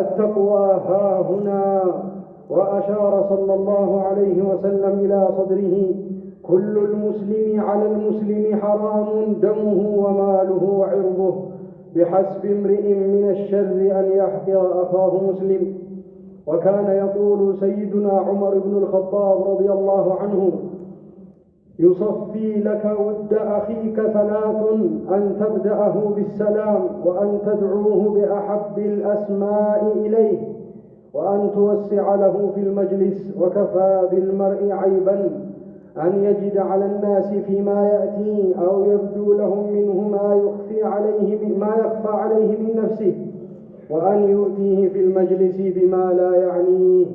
التقوى ها هنا وأشار صلى الله عليه وسلم إلى صدره كل المسلم على المسلم حرام دمه وماله وعرضه بحسب امرئ من الشر أن يحقر أخاه مسلم وكان يقول سيدنا عمر بن الخطاب رضي الله عنه يصفي لك ود أخيك ثلاث أن تبدأه بالسلام وأن تدعوه بأحب الأسماء إليه وأن توسع له في المجلس وكفى بالمرء عيبا أن يجد على الناس فيما يأتي أو يبدو لهم منه ما يخفي عليه ما يخفى عليه من نفسه وأن يؤتيه في المجلس بما لا يعنيه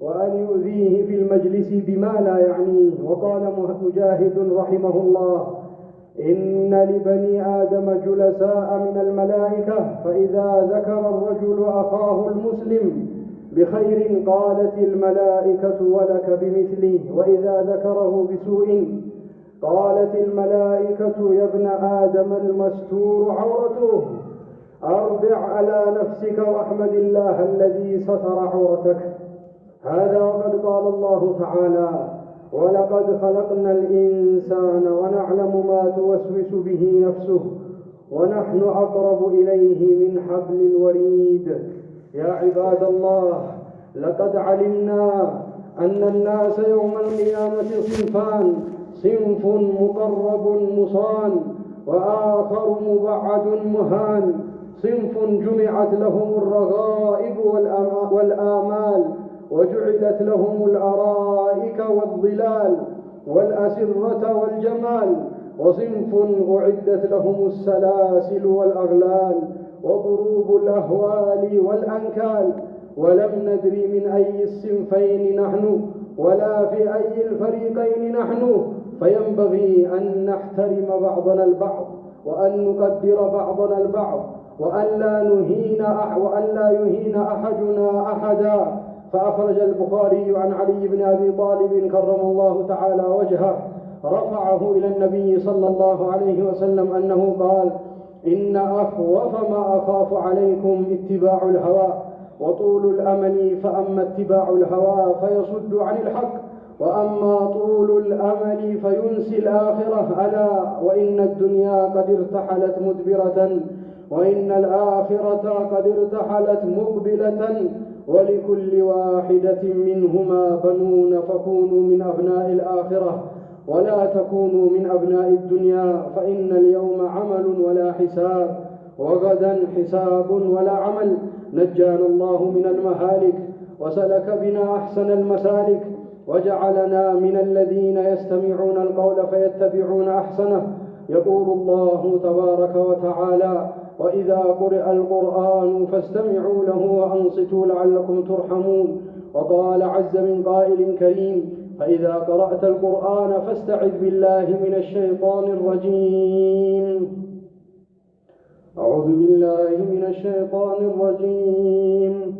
وأن يؤذيه في المجلس بما لا يعنيه وقال مجاهد رحمه الله إن لبني آدم جلساء من الملائكة فإذا ذكر الرجل أخاه المسلم بخير قالت الملائكة ولك بمثله وإذا ذكره بسوء قالت الملائكة يا ابن آدم المستور عورته أربع على نفسك واحمد الله الذي ستر عورتك هذا وقد قال الله تعالى ولقد خلقنا الإنسان ونعلم ما توسوس به نفسه ونحن أقرب إليه من حبل الوريد يا عباد الله لقد علمنا أن الناس يوم القيامة صنفان صنف مقرب مصان وآخر مبعد مهان صنف جمعت لهم الرغائب والآمال وجعلت لهم الأرائك والظلال والأسرة والجمال وصنف أعدت لهم السلاسل والأغلال وضروب الأهوال والأنكال ولم ندري من أي الصنفين نحن ولا في أي الفريقين نحن فينبغي أن نحترم بعضنا البعض وأن نقدر بعضنا البعض وأن لا نهين وأن لا يهين أحدنا أحدا فأخرج البخاري عن علي بن أبي طالب كرم الله تعالى وجهه رفعه إلى النبي صلى الله عليه وسلم أنه قال إن أخوف ما أخاف عليكم اتباع الهوى وطول الأمل فأما اتباع الهوى فيصد عن الحق وأما طول الأمل فينسي الآخرة ألا وإن الدنيا قد ارتحلت مدبرة وإن الآخرة قد ارتحلت مقبلة ولكل واحدة منهما بنون فكونوا من أبناء الآخرة ولا تكونوا من أبناء الدنيا فإن اليوم عمل ولا حساب وغدا حساب ولا عمل نجانا الله من المهالك وسلك بنا أحسن المسالك وجعلنا من الذين يستمعون القول فيتبعون أحسنه يقول الله تبارك وتعالى وإذا قرئ القرآن فاستمعوا له وأنصتوا لعلكم ترحمون وقال عز من قائل كريم فإذا قرأت القرآن فاستعذ بالله من الشيطان الرجيم أعوذ بالله من الشيطان الرجيم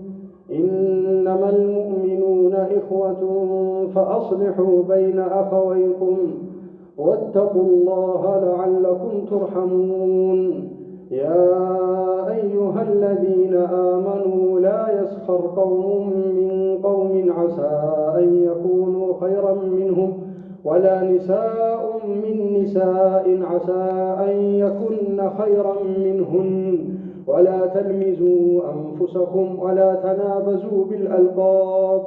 إنما المؤمنون إخوة فأصلحوا بين أخويكم واتقوا الله لعلكم ترحمون يا أيها الذين آمنوا لا يسخر قوم من قوم عسى أن يكونوا خيرا منهم ولا نساء من نساء عسى أن يكن خيرا منهن ولا تلمزوا أنفسكم ولا تنابزوا بالألقاب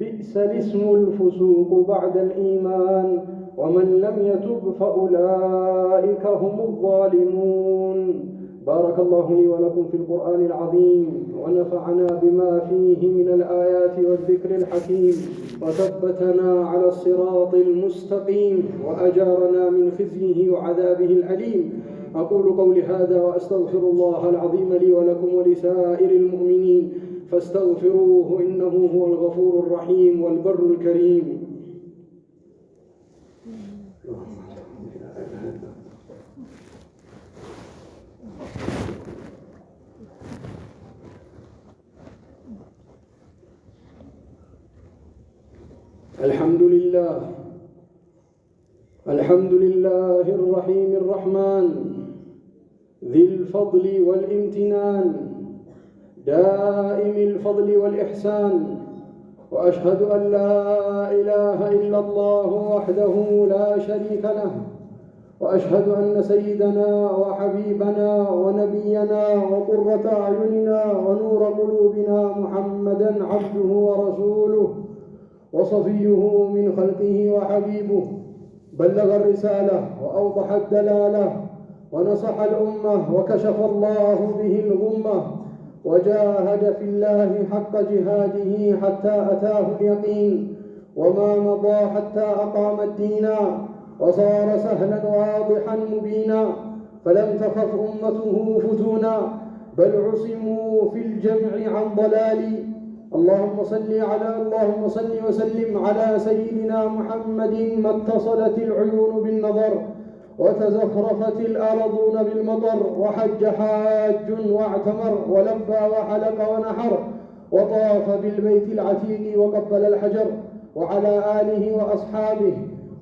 بئس الاسم الفسوق بعد الإيمان ومن لم يتب فأولئك هم الظالمون بارك الله لي ولكم في القرآن العظيم ونفعنا بما فيه من الآيات والذكر الحكيم وثبتنا على الصراط المستقيم وأجارنا من خزيه وعذابه الأليم أقول قولي هذا وأستغفر الله العظيم لي ولكم ولسائر المؤمنين فاستغفروه إنه هو الغفور الرحيم والبر الكريم الحمد لله الحمد لله الرحيم الرحمن ذي الفضل والامتنان دائم الفضل والإحسان وأشهد أن لا إله إلا الله وحده لا شريك له وأشهد أن سيدنا وحبيبنا ونبينا وقرة أعيننا ونور قلوبنا محمدا عبده ورسوله وصفيه من خلقه وحبيبه بلغ الرسالة وأوضح الدلالة ونصح الأمة وكشف الله به الغمة وجاهد في الله حق جهاده حتى أتاه اليقين وما مضى حتى أقام الدين وصار سهلا واضحا مبينا فلم تخف أمته فتونا بل عصموا في الجمع عن ضلال اللهم صل على اللهم صل وسلم على سيدنا محمد ما اتصلت العيون بالنظر وتزخرفت الأرضون بالمطر وحج حاج واعتمر ولبى وحلق ونحر وطاف بالبيت العتيق وقبل الحجر وعلى آله وأصحابه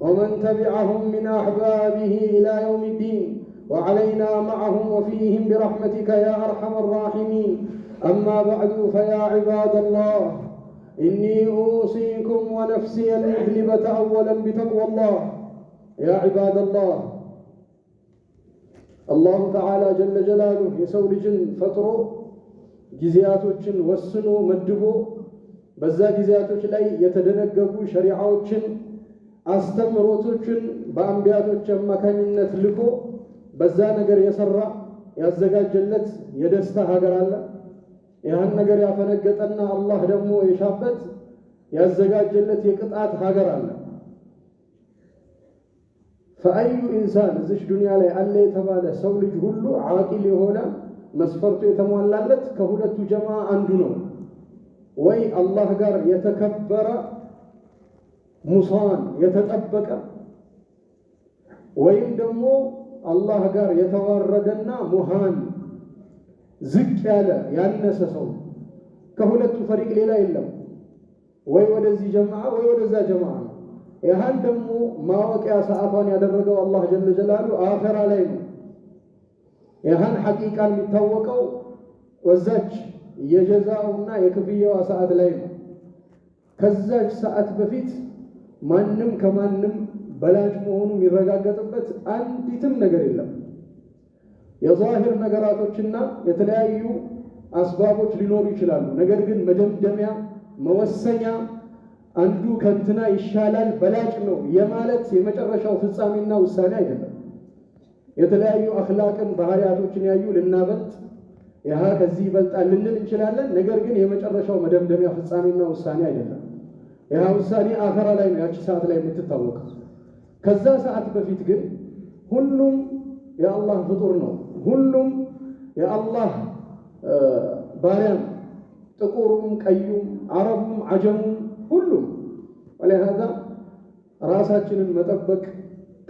ومن تبعهم من أحبابه إلى يوم الدين وعلينا معهم وفيهم برحمتك يا أرحم الراحمين أما بعد فيا عباد الله إني أوصيكم ونفسي أن المذنبة أولا بتقوى الله يا عباد الله الله تعالى جل جلاله يسول جن فترو جزياتوچن وسنو مدبو بزا جزياتوچ لاي يتدنگگو شريعاوچن استمروتوچن بانبياتوچ مكانينت لكو بزا نگر يسرع يزگاجلت جلت هاگر الله ያን ነገር ያፈነገጠና አላህ ደግሞ የሻበት ያዘጋጀለት የቅጣት ሀገር አለ። ፈአዩ ኢንሳን እዚች ዱንያ ላይ አለ የተባለ ሰው ልጅ ሁሉ ዓቂል የሆነ መስፈርቱ የተሟላለት ከሁለቱ ጀማ አንዱ ነው። ወይ አላህ ጋር የተከበረ ሙሳን የተጠበቀ ወይም ደግሞ አላህ ጋር የተዋረደና ሙሃን ዝቅ ያለ ያነሰ ሰው ከሁለቱ ፈሪቅ ሌላ የለም። ወይ ወደዚህ ጀማዓ ወይ ወደዛ ጀማዓ ነው። ይህን ደግሞ ማወቂያ ሰዓቷን ያደረገው አላህ ጀለ ጀላሉ አኸራ ላይ ነው። ይህን ሐቂቃን የሚታወቀው ወዛች የጀዛውና የክፍያዋ ሰዓት ላይ ነው። ከዛች ሰዓት በፊት ማንም ከማንም በላጭ መሆኑ የሚረጋገጥበት አንዲትም ነገር የለም። የዛሂር ነገራቶችና የተለያዩ አስባቦች ሊኖሩ ይችላሉ። ነገር ግን መደምደሚያ መወሰኛ አንዱ ከንትና ይሻላል በላጭ ነው የማለት የመጨረሻው ፍጻሜና ውሳኔ አይደለም። የተለያዩ አኽላቅን ባህሪያቶችን ያዩ ልናበልጥ ያህ ከዚህ ይበልጣል ልንል እንችላለን። ነገር ግን የመጨረሻው መደምደሚያ ፍጻሜና ውሳኔ አይደለም። ያ ውሳኔ አኸራ ላይ ነው፣ ያቺ ሰዓት ላይ የምትታወቀው። ከዛ ሰዓት በፊት ግን ሁሉም የአላህ ፍጡር ነው። ሁሉም የአላህ ባሪያም ጥቁሩም፣ ቀዩም፣ አረቡም፣ አጀሙም ሁሉም ወለሃዛ ራሳችንን መጠበቅ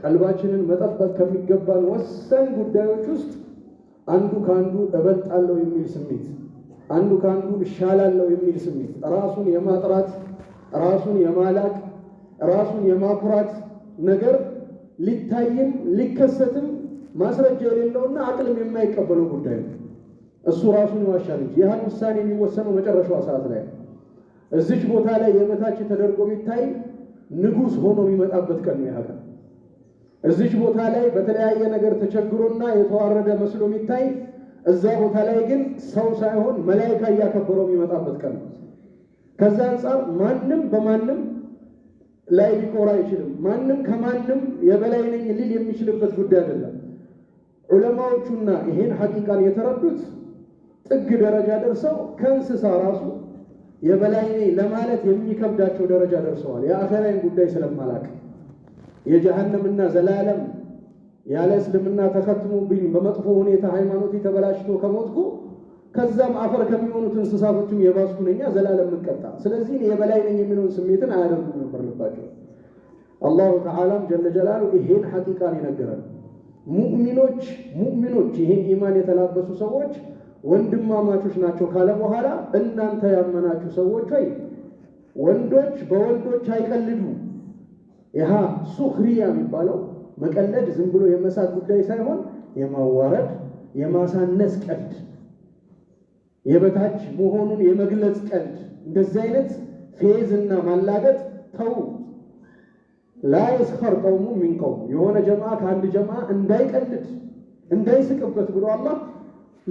ቀልባችንን መጠበቅ ከሚገባን ወሳኝ ጉዳዮች ውስጥ አንዱ ከአንዱ እበልጣለሁ የሚል ስሜት፣ አንዱ ከአንዱ እሻላለሁ የሚል ስሜት፣ ራሱን የማጥራት ራሱን የማላቅ ራሱን የማኩራት ነገር ሊታይም ሊከሰትም ማስረጃ የሌለውና አቅልም የማይቀበለው ጉዳይ ነው። እሱ ራሱን ይዋሻል እንጂ ይህን ውሳኔ የሚወሰነው መጨረሻዋ ሰዓት ላይ እዚች ቦታ ላይ የበታች ተደርጎ ቢታይ ንጉሥ ሆኖ የሚመጣበት ቀን ነው። እዚች ቦታ ላይ በተለያየ ነገር ተቸግሮና የተዋረደ መስሎ የሚታይ እዛ ቦታ ላይ ግን ሰው ሳይሆን መላይካ እያከበረው የሚመጣበት ቀን ነው። ከዛ አንጻር ማንም በማንም ላይ ሊቆራ አይችልም። ማንም ከማንም የበላይ ነኝ ሊል የሚችልበት ጉዳይ አይደለም። ዑለማዎቹና ይሄን ሐቂቃን የተረዱት ጥግ ደረጃ ደርሰው ከእንስሳ ራሱ የበላይ ለማለት የሚከብዳቸው ደረጃ ደርሰዋል። የአኸራይን ጉዳይ ስለማላቅ የጀሃነምና ዘላለም ያለ እስልምና ተከትሞብኝ በመጥፎ ሁኔታ ሃይማኖቴ ተበላሽቶ ከሞትኩ ከዛም አፈር ከሚሆኑት እንስሳቶችም የባስኩ ነኛ ዘላለም ምቀጣ። ስለዚህ የበላይ ነኝ የሚለውን ስሜትን አያደርጉም ነበር ልባቸው። አላሁ ተዓላም ጀለ ጀላሉ ይሄን ሐቂቃን ይነገራል። ሙእሚኖች ሙእሚኖች ይህን ኢማን የተላበሱ ሰዎች ወንድማማቾች ናቸው ካለ በኋላ እናንተ ያመናችሁ ሰዎች ሆይ ወንዶች በወንዶች አይቀልዱ። ይሃ ሱኽሪያ የሚባለው መቀለድ ዝም ብሎ የመሳት ጉዳይ ሳይሆን የማዋረድ የማሳነስ ቀልድ፣ የበታች መሆኑን የመግለጽ ቀልድ፣ እንደዚህ አይነት ፌዝ እና ማላገጥ ተው። ላየስኸር ቀውሙ ሚን ቀውም የሆነ ጀማ ከአንድ ጀማ እንዳይቀልድ እንዳይስቅበት ብሎ አላህ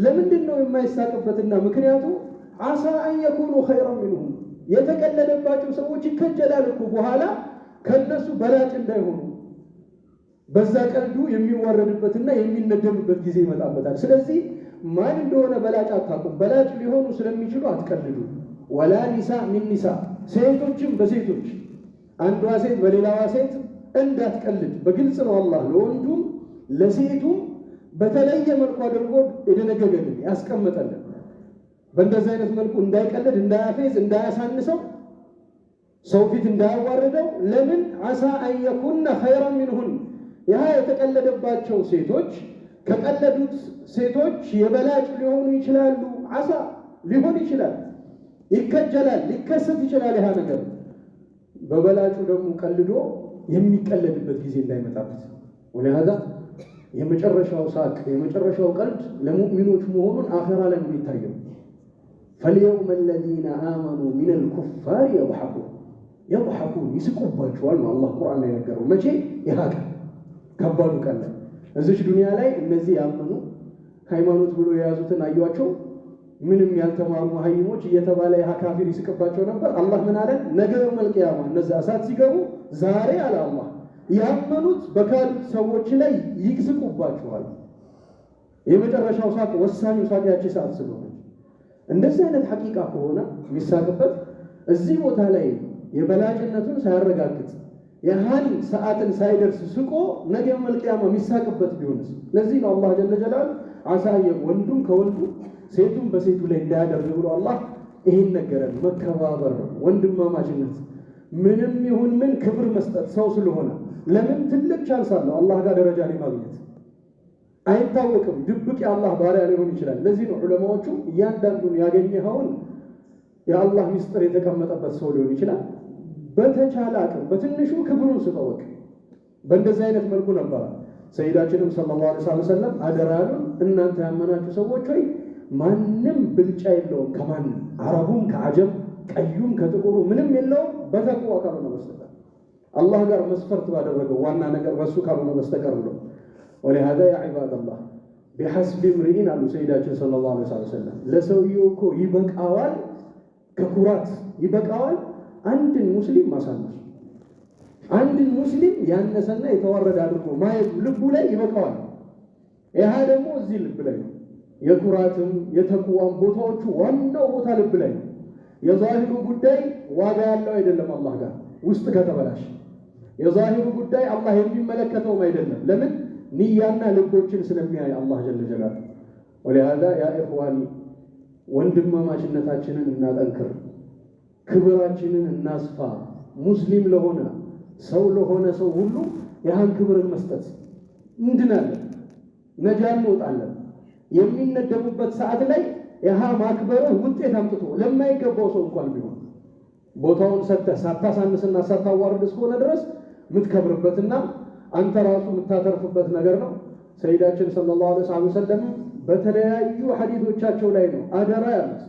ለምንድን ነው የማይሳቅበትና ምክንያቱ አሳ አን ኸይረን ሚንሁም የተቀለደባቸው ሰዎች ይከጀላል እኮ በኋላ ከነሱ በላጭ እንዳይሆኑ በዛ ቀልዱ የሚዋረድበትና የሚነደምበት ጊዜ ይመጣበታል። ስለዚህ ማን እንደሆነ በላጭ አታውቁም። በላጭ ሊሆኑ ስለሚችሉ አትቀልዱ። ወላ ኒሳ ሚን ኒሳ ሴቶችም በሴቶች አንዷ ሴት በሌላዋ ሴት እንዳትቀልድ በግልጽ ነው አላህ ለወንዱም ለሴቱም በተለየ መልኩ አድርጎ የደነገገልን ያስቀመጠልን በእንደዚህ አይነት መልኩ እንዳይቀልድ፣ እንዳያፌዝ፣ እንዳያሳንሰው ሰው ፊት እንዳያዋርደው። ለምን አሳ አንየኩነ ኸይራን ሚንሁን ያ የተቀለደባቸው ሴቶች ከቀለዱት ሴቶች የበላጭ ሊሆኑ ይችላሉ። አሳ ሊሆን ይችላል። ይከጀላል፣ ሊከሰት ይችላል። ያ ነገር በበላጩ ደግሞ ቀልዶ የሚቀለድበት ጊዜ እንዳይመጣበት ወለሃዛ የመጨረሻው ሳቅ የመጨረሻው ቀልድ ለሙእሚኖች መሆኑን አኸራ ላይ የሚታየው ፈልየውመ ለዚነ አመኑ ሚነል ኩፋር የضሐኩን የضሐኩን ይስቁባቸዋል ነው አላህ ቁርአን ላይ ነገረው። መቼ ይህ ከባዱ ቀን እዚች ዱንያ ላይ እነዚህ ያመኑ ሃይማኖት ብሎ የያዙትን አዩዋቸው ምንም ያልተማሩ ሀይሞች እየተባለ ካፊር ይስቅባቸው ነበር። አላህ ምን አለ? ነገ መልቅያማ እነዚ እሳት ሲገቡ ዛሬ አለ አላህ ያመኑት በካዱት ሰዎች ላይ ይስቁባቸዋል። የመጨረሻው ሳቅ ወሳኙ ሳቅ ያቺ ሰዓት ስለሆነች እንደዚህ አይነት ሐቂቃ ከሆነ የሚሳቅበት እዚህ ቦታ ላይ የበላጭነቱን ሳያረጋግጥ ያህል ሰዓትን ሳይደርስ ስቆ ነገ መልቅያማ የሚሳቅበት ቢሆንስ? ለዚህ ነው አላህ ጀለ ጀላል አሳየ ወንዱም ከወንዱ ሴቱን በሴቱ ላይ እንዳያደርግ ብሎ አላህ ይህን ነገረን። መከባበር ነው፣ ወንድማማችነት። ምንም ይሁን ምን ክብር መስጠት ሰው ስለሆነ ለምን ትልቅ ቻንስ አለው አላህ ጋር ደረጃ ላይ ማግኘት አይታወቅም። ድብቅ የአላህ ባሪያ ሊሆን ይችላል። ለዚህ ነው ዑለማዎቹ እያንዳንዱን ያገኘኸውን የአላህ ሚስጥር የተቀመጠበት ሰው ሊሆን ይችላል። በተቻለ አቅም በትንሹ ክብሩን ስጠወቅ በእንደዚህ አይነት መልኩ ነበረ ሰይዳችንም ሰለላሁ ዐለይሂ ወሰለም አደራሉን እናንተ ያመናችሁ ሰዎች ሆይ ማንም ብልጫ የለውም ከማንም አረቡም ከአጀም ቀዩም ከጥቁሩ ምንም የለውም በተቅዋ ካልሆነ በስተቀር አላህ ጋር መስፈርት ባደረገው ዋና ነገር በሱ ካልሆነ በስተቀር ብሎ ወሊሃዛ ያ ዒባደላህ ቢሐስቢ ምርኢን አሉ ሰይዳችን ሰለላሁ ዐለይሂ ወሰለም ለሰውየው እኮ ይበቃዋል ከኩራት ይበቃዋል አንድን ሙስሊም ማሳነሱ አንድን ሙስሊም ያነሰና የተዋረደ አድርጎ ማየቱ ልቡ ላይ ይበቃዋል ይሃ ደግሞ እዚህ ልብ ላይ ነው የኩራትም የተቁዋም ቦታዎቹ ዋናው ቦታ ልብ ላይ ነው። የዛሂሩ ጉዳይ ዋጋ ያለው አይደለም አላህ ጋር ውስጥ ከተበላሽ የዛሂሩ ጉዳይ አላህ የሚመለከተውም አይደለም። ለምን ንያና ልቦችን ስለሚያይ አላህ ጀለ ጀላል። ወሊሃዛ ያ ኢኽዋኒ ወንድማማችነታችንን እናጠንክር፣ ክብራችንን እናስፋ። ሙስሊም ለሆነ ሰው ለሆነ ሰው ሁሉ ያህን ክብርን መስጠት እንድናለን፣ ነጃ እንወጣለን። የሚነደቡበት ሰዓት ላይ ይሃ ማክበሩ ውጤት አምጥቶ ለማይገባው ሰው እንኳን ቢሆን ቦታውን ሰጥተህ ሳታሳንስና ሳታዋርድ እስከሆነ ድረስ የምትከብርበትና አንተ ራሱ የምታተርፍበት ነገር ነው። ሰይዳችን ሰለላሁ ዐለይሂ ወሰለም በተለያዩ ሐዲቶቻቸው ላይ ነው አደራ ያሉት።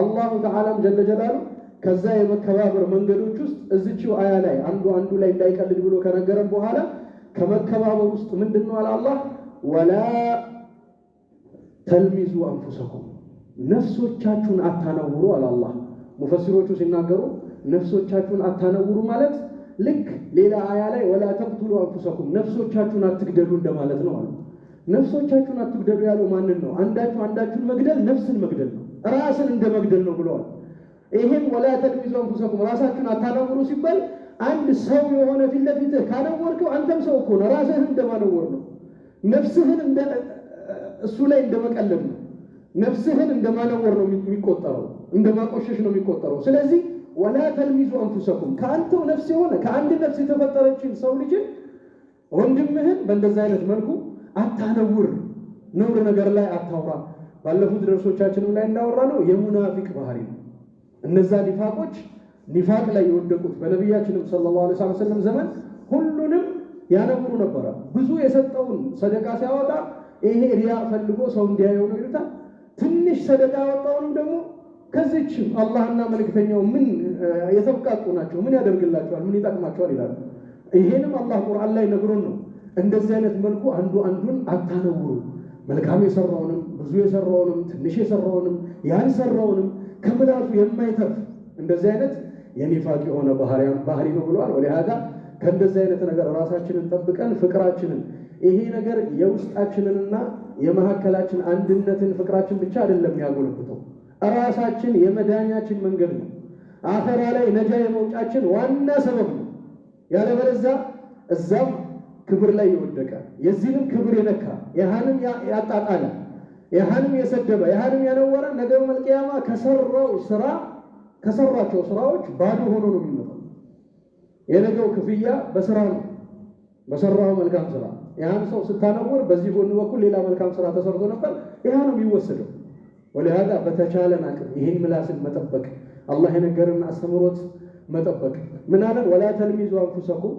አላሁ ተዓላም ጀለ ጀላሉ ከዛ የመከባበር መንገዶች ውስጥ እዚችው አያ ላይ አንዱ አንዱ ላይ እንዳይቀልድ ብሎ ከነገረን በኋላ ከመከባበር ውስጥ ምንድን ነው አለ አላህ ወላ ተልሚዙ አንፉሰኩም ነፍሶቻችሁን አታነውሩ አላላ ሙፈሲሮቹ ሲናገሩ ነፍሶቻችሁን አታነውሩ ማለት ልክ ሌላ አያ ላይ ወላ ተቅቱሉ አንፉሰኩም ነፍሶቻችሁን አትግደሉ እንደማለት ነው አሉ። ነፍሶቻችሁን አትግደሉ ያለው ማንን ነው? አንዳችሁ አንዳችሁን መግደል ነፍስን መግደል ነው፣ ራስን እንደ መግደል ነው ብለዋል። ይህም ወላ ተልሚዙ አንፉሰኩም ራሳችሁን አታነውሩ ሲባል አንድ ሰው የሆነ ፊት ለፊትህ ካነወርከው አንተም ሰው እኮ ነው፣ ራስህን እንደማነወር ነው ነፍስህን እሱ ላይ እንደመቀለብ ነው። ነፍስህን እንደማነወር ነው የሚቆጠረው፣ እንደማቆሸሽ ነው የሚቆጠረው። ስለዚህ ወላ ተልሚዙ አንፉሰኩም ከአንተው ነፍስ የሆነ ከአንድ ነፍስ የተፈጠረችን ሰው ልጅን ወንድምህን በእንደዛ አይነት መልኩ አታነውር፣ ነውር ነገር ላይ አታውራ። ባለፉት ደርሶቻችንም ላይ እንዳወራ ነው የሙናፊቅ ባህሪ ነው። እነዛ ኒፋቆች ኒፋቅ ላይ የወደቁት በነቢያችንም ሰለላሁ ዐለይሂ ወሰለም ዘመን ሁሉንም ያነውሩ ነበረ። ብዙ የሰጠውን ሰደቃ ሲያወጣ ይሄ ሪያ ፈልጎ ሰው እንዲያየው ነው ይሉታል። ትንሽ ሰደቃ ያወጣውንም ደግሞ ከዚች አላህና መልእክተኛው ምን የተብቃቁ ናቸው፣ ምን ያደርግላቸዋል፣ ምን ይጠቅማቸዋል ይላሉ። ይሄንም አላህ ቁርአን ላይ ነግሮን ነው። እንደዚህ አይነት መልኩ አንዱ አንዱን አታነውሩ፣ መልካም የሰራውንም ብዙ የሰራውንም ትንሽ የሰራውንም ያልሰራውንም ከምላሱ የማይተርፍ እንደዚህ አይነት የኒፋቅ የሆነ ባህሪ ነው ብለዋል። ወሊሃዳ ከእንደዚህ አይነት ነገር ራሳችንን ጠብቀን ፍቅራችንን ይሄ ነገር የውስጣችንንና የመሀከላችን አንድነትን ፍቅራችን ብቻ አይደለም ያጎለብተው፣ እራሳችን የመዳኛችን መንገድ ነው። አፈራ ላይ ነጃ የመውጫችን ዋና ሰበብ ነው። ያለበለዚያ እዛም ክብር ላይ የወደቀ የዚህንም ክብር የነካ ያህንም ያጣጣለ ያህንም የሰደበ ያህንም ያነወረ ነገ መልቅያማ ከሰራው ስራ ከሰሯቸው ስራዎች ባዶ ሆኖ ነው የሚመጣው። የነገው ክፍያ በስራ ነው፣ በሰራው መልካም ስራ ይህን ሰው ስታነውር በዚህ ጎን በኩል ሌላ መልካም ስራ ተሰርቶ ነበር። ይህ ነው የሚወሰደው። ወለሃዳ በተቻለን አቅም ይህን ምላስን መጠበቅ፣ አላህ የነገርን አስተምሮት መጠበቅ። ምናለን ወላ ተልሚዙ አንፉሰኩም፣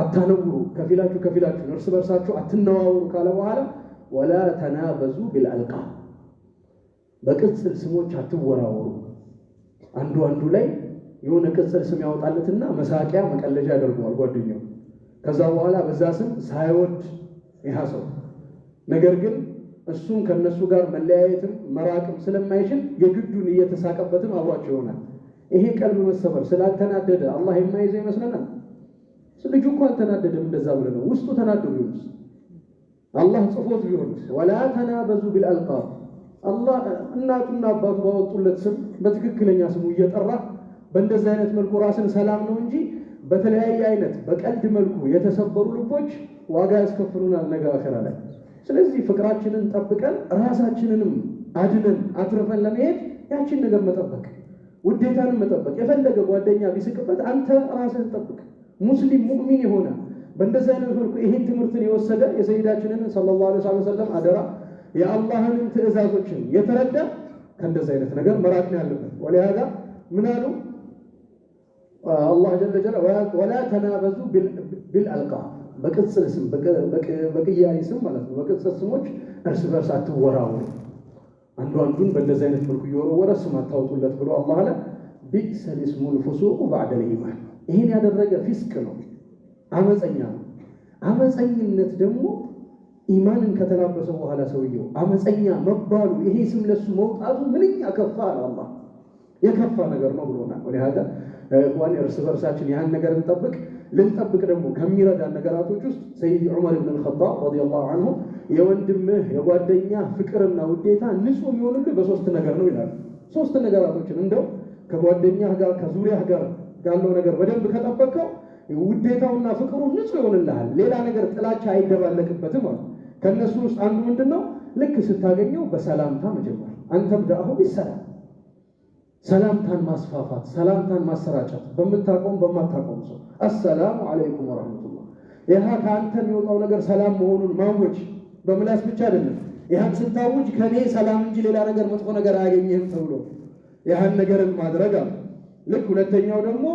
አታነውሩ፣ ከፊላችሁ ከፊላችሁ እርስ በርሳችሁ አትነዋውሩ ካለ በኋላ ወላ ተናበዙ ቢልአልቃብ፣ በቅጽል ስሞች አትወራወሩ። አንዱ አንዱ ላይ የሆነ ቅጽል ስም ያወጣለትና መሳቂያ መቀለጃ ያደርገዋል ጓደኛው ከዛ በኋላ በዛ ስም ሳይወድ ይህ ሰው ነገር ግን እሱም ከነሱ ጋር መለያየትም መራቅም ስለማይችል የግዱን እየተሳቀበትም አብሯቸው ይሆናል። ይሄ ቀልብ መሰበር ስላልተናደደ አላህ የማይዘው ይመስለናል። ልጁ እኮ አልተናደደም። እንደዛ ብለ ነው ውስጡ ተናዶ ቢሆንስ አላህ ጽፎት ቢሆንስ? ወላ ተናበዙ ቢልአልቃብ አላህ እናቱና አባቱ ባወጡለት ስም በትክክለኛ ስሙ እየጠራ በእንደዚህ አይነት መልኩ ራስን ሰላም ነው እንጂ በተለያየ አይነት በቀልድ መልኩ የተሰበሩ ልቦች ዋጋ ያስከፍሉናል ነገ አኸራ ላይ። ስለዚህ ፍቅራችንን ጠብቀን ራሳችንንም አድነን አትርፈን ለመሄድ ያችን ነገር መጠበቅ፣ ውዴታንም መጠበቅ። የፈለገ ጓደኛ ቢስቅበት አንተ ራስህን ጠብቅ። ሙስሊም ሙእሚን የሆነ በእንደዚህ አይነት መልኩ ይህን ትምህርትን የወሰደ የሰይዳችንን ሰለላሁ ዐለይሂ ወሰለም አደራ የአላህንን ትእዛዞችን የተረዳ ከእንደዚህ አይነት ነገር መራቅ ነው ያለበት። ወሊሃዛ ምን አሉ አላህ ጀለጀላ ወላ ተናበዙ ቢልአልቃብ በቅጽል ስም በቅያሪ ስም ማለት ነው። በቅጽል ስሞች እርስ በርስ አትወራወሩ። አንዱ አንዱን በእንደዚህ አይነት መልኩ እየወረወረ ስም አታውጡለት ብሎ አላህ አለ። ቢእሰል ስሙል ፉሱቁ ባዕደል ኢማን። ይህን ያደረገ ፊስቅ ነው፣ አመፀኛ ነው። አመፀኝነት ደግሞ ኢማንን ከተላበሰ በኋላ ሰውየው አመፀኛ መባሉ ይሄ ስም ለሱ መውጣቱ ምንኛ ከፋ አለ። አላህ የከፋ ነገር ነው ብሎናል። ወደ ሆን እርስ በርሳችን ያን ነገር እንጠብቅ። ልንጠብቅ ደግሞ ከሚረዳን ነገራቶች ውስጥ ሰይድ ዑመር ብን ልኸጣብ ረዲየላሁ አንሁ የወንድምህ የጓደኛ ፍቅርና ውዴታ ንጹህ የሚሆንልህ በሶስት ነገር ነው ይላል። ሶስት ነገራቶችን እንደው ከጓደኛህ ጋር ከዙሪያህ ጋር ያለው ነገር በደንብ ከጠበቀው ውዴታውና ፍቅሩ ንጹህ ይሆንልሃል። ሌላ ነገር ጥላቻ አይደባለቅበትም አሉ። ከእነሱ ውስጥ አንዱ ምንድን ነው? ልክ ስታገኘው በሰላምታ መጀመር አንተም ዳአሁ ቢሰላም ሰላምታን ማስፋፋት፣ ሰላምታን ማሰራጨት በምታቆም በማታቆም ሰው አሰላሙ አለይኩም ወረሕመቱላ። ይህ ከአንተ የሚወጣው ነገር ሰላም መሆኑን ማወጅ በምላስ ብቻ አይደለም። ይህን ስታውጅ ከኔ ሰላም እንጂ ሌላ ነገር መጥፎ ነገር አያገኝህም ተብሎ ይህን ነገርን ማድረግ አለ። ልክ ሁለተኛው ደግሞ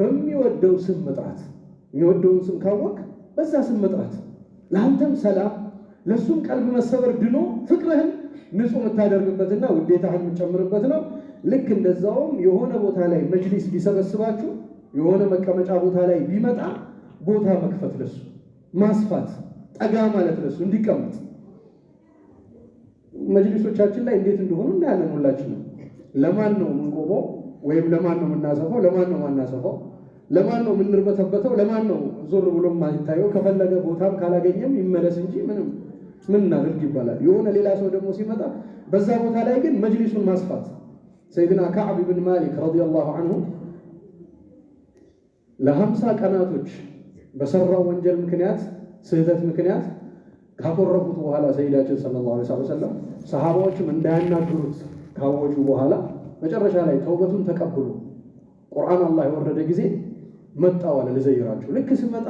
በሚወደው ስም መጥራት፣ የሚወደውን ስም ካወቅ በዛ ስም መጥራት ለአንተም ሰላም ለእሱም ቀልብ መሰበር ድኖ ፍቅርህን ንጹህ የምታደርግበትና ውዴታህን የምጨምርበት ነው። ልክ እንደዛውም የሆነ ቦታ ላይ መጅሊስ ቢሰበስባችሁ የሆነ መቀመጫ ቦታ ላይ ቢመጣ ቦታ መክፈት ለሱ ማስፋት ጠጋ ማለት ለሱ እንዲቀመጥ መጅሊሶቻችን ላይ እንዴት እንደሆኑ እናያለን። ሁላችንም ለማን ነው የምንቆመው? ወይም ለማን ነው የምናሰፋው? ለማን ነው ማናሰፋው? ለማን ነው የምንርበተበተው? ለማን ነው ዞር ብሎ ማታየው ከፈለገ ቦታም ካላገኘም ይመለስ እንጂ ምንም ምን እናድርግ ይባላል። የሆነ ሌላ ሰው ደግሞ ሲመጣ በዛ ቦታ ላይ ግን መጅሊሱን ማስፋት ሰይድና ከዓብ ብን ማሊክ ረዲየላሁ አንሁ ለሀምሳ ቀናቶች በሰራው ወንጀል ምክንያት ስህተት ምክንያት ካኮረፉት በኋላ ሰይዳችን ሰለላሁ ዐለይሂ ወሰለም ሰሃባዎችም እንዳያናግሩት ካወጁ በኋላ መጨረሻ ላይ ተውበቱን ተቀብሎ ቁርአን አላህ የወረደ ጊዜ መጣው አለ ልዘይራችሁ። ልክ ስመጣ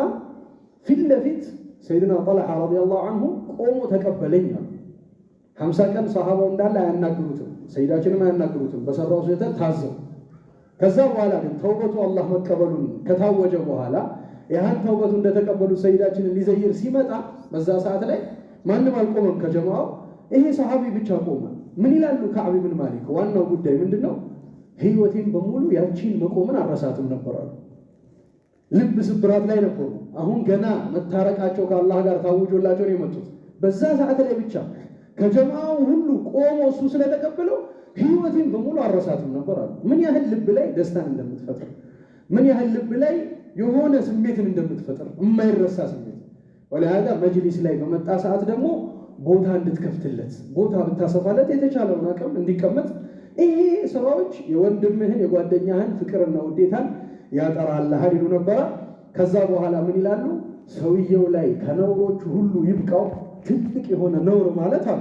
ፊት ለፊት ሰይድና ጠልሓ ረዲየላሁ አንሁ ቆሞ ተቀበለኝ አሉ። ሀምሳ ቀን ሰሃባው እንዳለ አያናግሩትም ሰይዳችንም አያናግሩትም። በሰራው ስህተት ታዘው። ከዛ በኋላ ግን ተውበቱ አላህ መቀበሉን ከታወጀ በኋላ ያህን ተውበቱ እንደተቀበሉት ሰይዳችንን ሊዘይር ሲመጣ በዛ ሰዓት ላይ ማንም አልቆመም ከጀማው ይሄ ሰሃቢ ብቻ ቆመ። ምን ይላሉ ከዓብ ብን ማሊክ? ዋናው ጉዳይ ምንድን ነው? ህይወቴን በሙሉ ያቺን መቆምን አረሳትም ነበራሉ። ልብ ስብራት ላይ ነበሩ። አሁን ገና መታረቃቸው ከአላህ ጋር ታውጆላቸው ነው የመጡት። በዛ ሰዓት ላይ ብቻ ከጀማው ሁሉ ቆሞ እሱ ስለተቀበለው ህይወቴን በሙሉ አረሳትም ነበር አሉ። ምን ያህል ልብ ላይ ደስታን እንደምትፈጥር፣ ምን ያህል ልብ ላይ የሆነ ስሜትን እንደምትፈጥር የማይረሳ ስሜት ወለሃዳ መጅሊስ ላይ በመጣ ሰዓት ደግሞ ቦታ እንድትከፍትለት ቦታ ብታሰፋለት የተቻለውን አቅም እንዲቀመጥ ይሄ ስራዎች የወንድምህን የጓደኛህን ፍቅርና ውዴታን ያጠራልሃል ይሉ ነበራ። ከዛ በኋላ ምን ይላሉ? ሰውየው ላይ ከነውሮቹ ሁሉ ይብቃው ትልቅ የሆነ ነውር ማለት አለ።